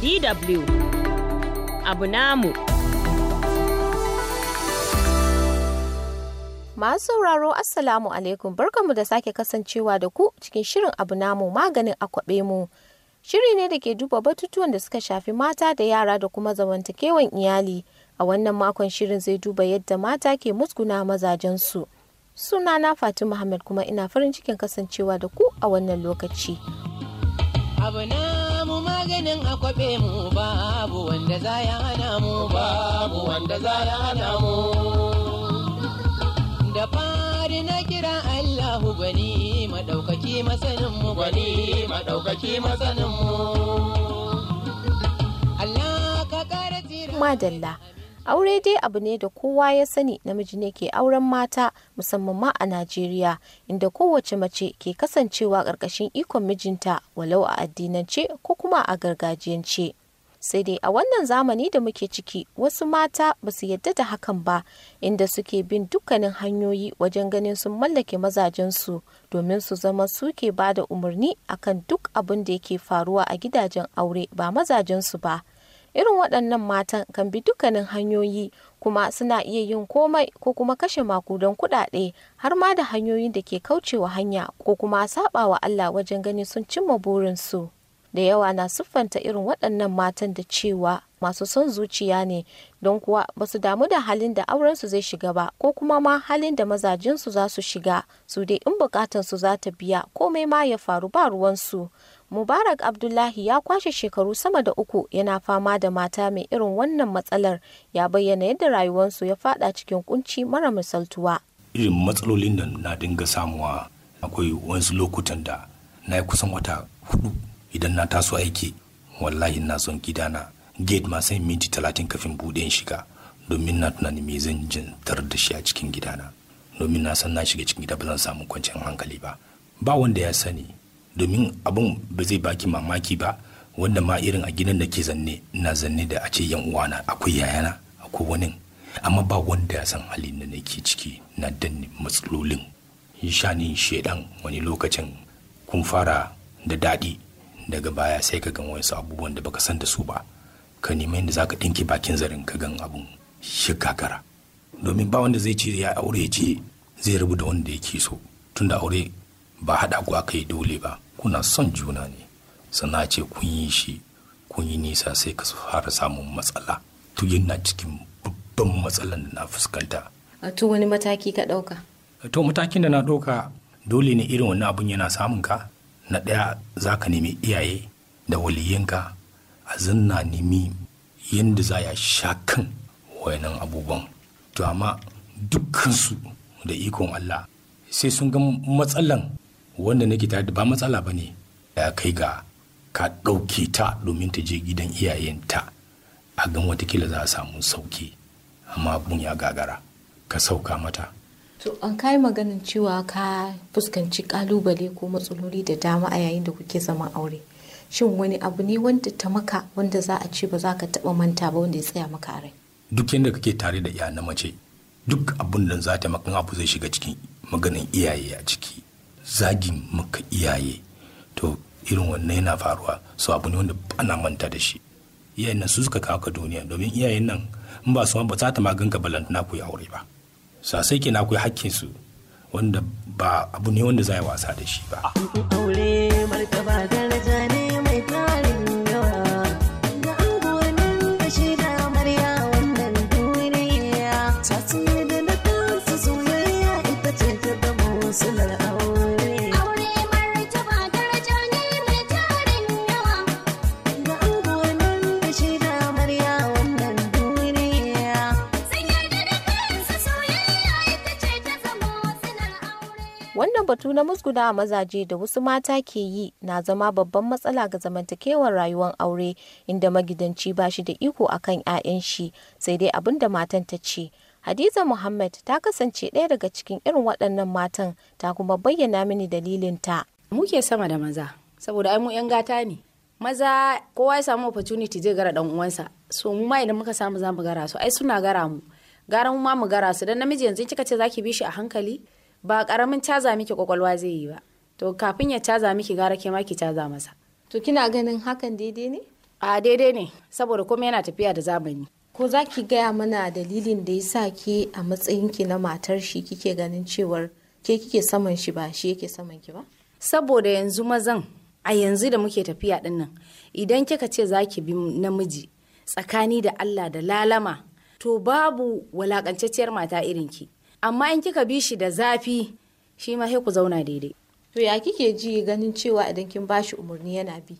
DW abu namu. Masu sauraro Assalamu alaikum barkanmu da sake kasancewa da ku cikin shirin abu namu maganin akwabe mu. Shiri ne da ke duba batutuwan da suka shafi mata da yara da kuma zamantakewan iyali. A wannan makon shirin zai duba yadda mata ke musguna mazajensu. Sunana Fatima Muhammad kuma ina farin cikin kasancewa da ku a wannan lokaci. Abunan. ganin a kwabe mu babu wanda za ya hana mu babu wanda za ya hana mu da fari na kira Allahu gani madaukaki masanin mu gani madaukaki masanin mu Allah ka karatira madalla aure dai abu ne da kowa ya sani namiji ne ke auren mata musamman ma a najeriya inda kowace mace ke kasancewa ƙarƙashin ikon mijinta walau a addinance ko kuma a gargajiyance sai dai a wannan zamani da muke ciki wasu mata ba su yadda da hakan ba inda suke bin dukkanin hanyoyi wajen ganin sun mallake mazajensu domin su zama suke ba da umarni akan duk abin da yake faruwa a gidajen aure ba mazajensu ba irin waɗannan matan kan bi dukkanin hanyoyi kuma suna iya yin komai ko kuma kashe makudan kuɗaɗe har ma da hanyoyin da ke kaucewa hanya ko kuma saɓawa Allah wajen gani sun cimma burinsu. Da yawa na siffanta irin waɗannan matan da cewa masu son zuciya ne don kuwa ba su damu da halin da aurensu zai shiga ba ko kuma ma halin da mazajinsu za su shiga su dai in bukatansu za ta biya komai ma ya faru ba ruwansu. Mubarak Abdullahi ya kwashe shekaru sama da uku yana fama da mata mai irin wannan matsalar ya bayyana yadda rayuwarsu ya fada cikin kunci mara misaltuwa. Irin matsalolin da na dinga samuwa akwai wasu lokutan da na yi kusan wata hudu idan na taso aiki wallahi na son gidana gate ma sai minti talatin kafin buɗe shiga domin na tunani me zan jantar da shi a cikin gidana domin na san na shiga cikin gida ba zan samu kwanciyar hankali ba ba wanda ya sani domin abin ba zai baki mamaki ba wanda ma irin a gidan da ke zanne na zanne da a ce yan uwana akwai yayana akwai wani amma ba wanda ya san halin da nake ciki na danne matsalolin shanin shedan wani lokacin kun fara da daɗi daga baya sai ka gan wasu abubuwan da baka san da su ba ka nemi yadda za ka ɗinke bakin zarin ka gan abun shi domin ba wanda zai ce ya aure ce zai rabu da wanda yake so tunda aure ba haɗa ku aka yi dole ba kuna son juna ne sana ce kun yi shi kun yi nisa sai ka fara samun matsala to yana cikin babban matsalan da na fuskanta a to wani mataki ka ɗauka to matakin da na ɗauka dole ne irin wani abun yana samun ka na ɗaya za ka nemi iyaye da waliyanka a zanna nemi yadda za ya sha kan wayanan abubuwan to amma dukkansu da ikon Allah sai sun ga matsalan wanda nake tare da ba matsala ba ne da kai ga ka ɗauke ta domin ta je gidan iyayenta a gan watakila za a samu sauki amma abun ya gagara ka sauka mata to an kai maganin cewa ka fuskanci kalubale ko matsaloli da dama a yayin da kuke zaman aure shin wani abu ne wanda ta maka wanda za a ce ba za ka taba manta ba wanda ya tsaya maka a rai duk yadda kake tare da iya na mace duk abun da za ta maka abu zai shiga cikin maganin iyaye a ciki zagin muka iyaye to irin wannan yana faruwa su abu ne wanda ana manta da shi iyayen nan su suka kawo ka duniya domin iyayen nan in ba su ba za ta maganka ka na ku yi aure ba sasai ke na ku hakkin su wanda ba abu ne wanda za a wasa da shi ba. Aure ne batu na musguna a mazaje da wasu mata ke yi na zama babban matsala ga zamantakewar rayuwar aure inda magidanci ba shi da iko akan 'ya'yan shi sai dai abin da matan ta ce. Hadiza Muhammad ta kasance ɗaya daga cikin irin waɗannan matan ta kuma bayyana mini dalilin ta Muke sama da maza, saboda ai mu 'yan gata ne. Maza kowa ya samu opportunity zai gara ɗan uwansa. So mu ma idan muka samu za mu gara su, ai suna gara mu. Gara mu ma mu gara su, dan namiji yanzu kika ce zaki bi shi a hankali. ba karamin caza miki kwakwalwa zai yi ba to kafin ya caza miki gara ke ki caza masa to kina ganin hakan daidai ne a daidai ne saboda kuma yana tafiya da zamani ko za ki gaya mana dalilin da ya sa ke a matsayinki na matar shi kike ganin cewar ke kike saman shi ba shi yake saman ki ba saboda yanzu mazan a yanzu da muke tafiya din idan kika ce za ki bi namiji tsakani da Allah da lalama to babu walakanceciyar mata irin ki amma in kika bi shi da zafi shi ma sai ku zauna daidai to ya kike ji ganin cewa idan kin ba shi umarni yana bi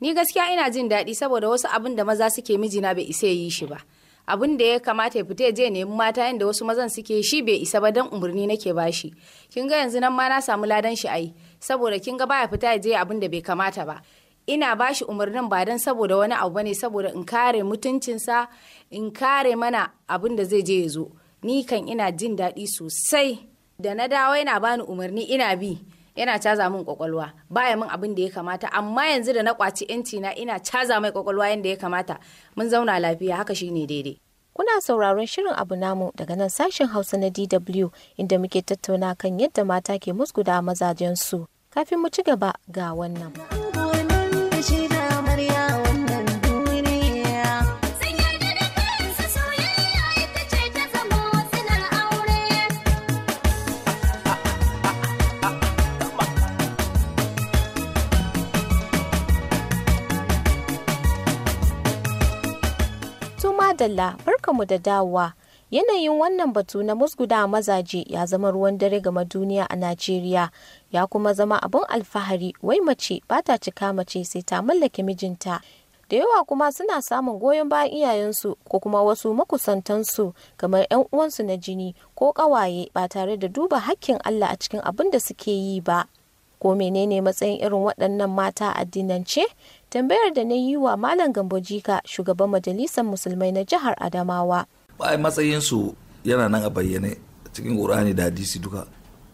ni gaskiya ina jin daɗi saboda wasu abin da maza suke mijina bai isa yi shi ba abin da ya kamata ya fita je nemi mata yadda wasu mazan suke shi bai isa ba don umarni nake ba shi kin ga yanzu nan ma na samu ladan shi yi saboda kin ga baya fita je abin da bai kamata ba ina bashi umarnin ba don saboda wani abu bane saboda in kare mutuncinsa in kare mana abin da zai je ya zo ni kan ina jin daɗi sosai da na dawo yana bani umarni ina bi yana caza min kwakwalwa baya min abin da ya kamata amma yanzu da na kwaci yanci na ina caza mai kwakwalwa yadda ya kamata mun zauna lafiya haka shine daidai kuna sauraron shirin abu namu daga nan sashen hausa na dw inda muke tattauna kan yadda mata ke musguda su kafin mu ci gaba ga wannan. barka barkamu da dawowa yanayin wannan batu na musguda mazaje ya zama ruwan dare game duniya a najeriya ya kuma zama abin alfahari wai mace ba ta cika mace sai ta mallake mijinta da yawa kuma suna samun goyon bayan iyayensu ko kuma wasu makusantansu kamar 'yan uwansu na jini ko ƙawaye ba tare da duba hakkin allah a cikin abin da suke yi ba ko menene matsayin irin waɗannan mata addinance tambayar da na yi wa malam gambojika shugaban majalisar musulmai na jihar adamawa matsayin matsayinsu yana nan a bayyane cikin ƙur'ani da hadisi duka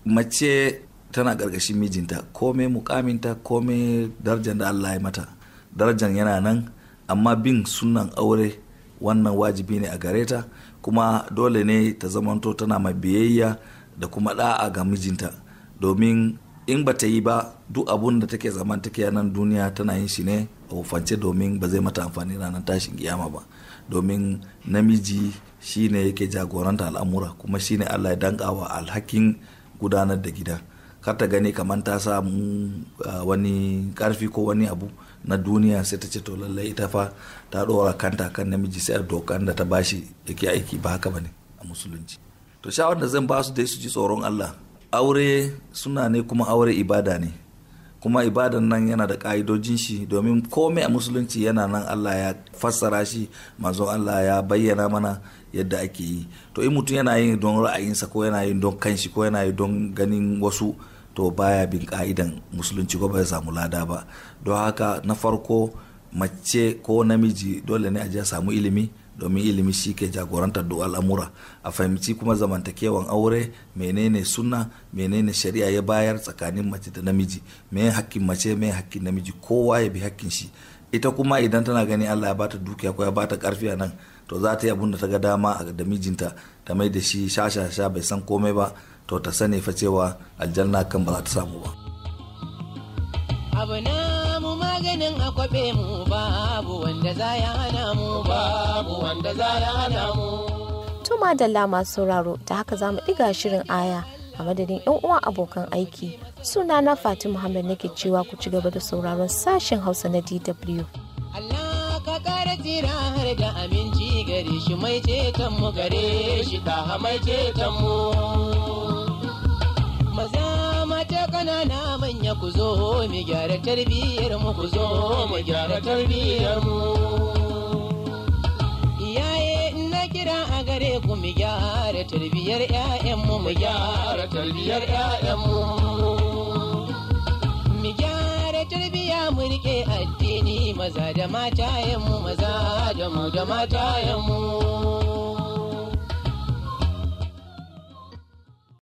mace tana ƙarƙashin mijinta komai mukaminta komai darajar da allah ya mata darajar yana nan amma bin sunan aure wannan wajibi ne a gare ta kuma dole ne ta zamanto tana mai biyayya da kuma ɗa'a ga mijinta domin in ba ta yi ba duk abun da take zaman take nan duniya tana yin shi ne a wufance domin ba zai mata amfani ranar tashin kiyama ba domin namiji shi shine yake jagoranta al'amura kuma shi ne allah ya wa alhakin gudanar da gida kar ta gani kamar ta samu wani karfi ko wani abu na duniya sai ta ce to lallai ita fa ta dora kanta kan namiji sai a dokan da ta bashi yake aiki ba haka bane a musulunci to shawar da zan ba su dai su ji tsoron allah aure suna ne kuma aure ibada ne kuma ibadan nan yana da ka'idojin shi domin komai a musulunci yana nan allah ya fassara shi manzon allah ya bayyana mana yadda ake yi to in mutum yana yin don ra'ayinsa ko yana yin don kanshi ko yana yi don ganin wasu to baya bin ka'idan musulunci ko bai samu lada ba don haka na farko mace ko namiji dole ne a samu ilimi domin ilimi shi ke jagorantar duk al'amura a fahimci kuma zamantakewan aure menene suna menene shari'a ya bayar tsakanin mace da namiji me hakkin mace me hakkin namiji kowa ya bi hakkin shi ita kuma idan tana gani Allah ya bata dukiya ko ya bata karfi a nan to za ta yi abun da ta ga dama a da mijinta ta mai da shi shashasha bai san komai ba to ta sani fa cewa aljanna kan ba za ta samu ba abu na mu maganin akwabe mu babu wanda za ya hana mu babu wanda za ya hana mu to madalla masu sauraro ta haka za mu ɗiga shirin aya a madadin yan uwa abokan aiki suna na fatima muhammad nake cewa ku ci gaba da sauraron sashen hausa na dw Allah ka kara tsira har da aminci gare shi mai ceton mu gare shi ta mai ceton mu maza na manya ku zo mu gyara tarbiyyar mu ku zo mu gyara tarbiyyar mu. kira a gare ku mu gyara tarbiyyar ƴaƴan mu mu gyara tarbiyyar ƴaƴan mu Mu gyara tarbiyya mu rike addini maza da mu maza da mu da matayenmu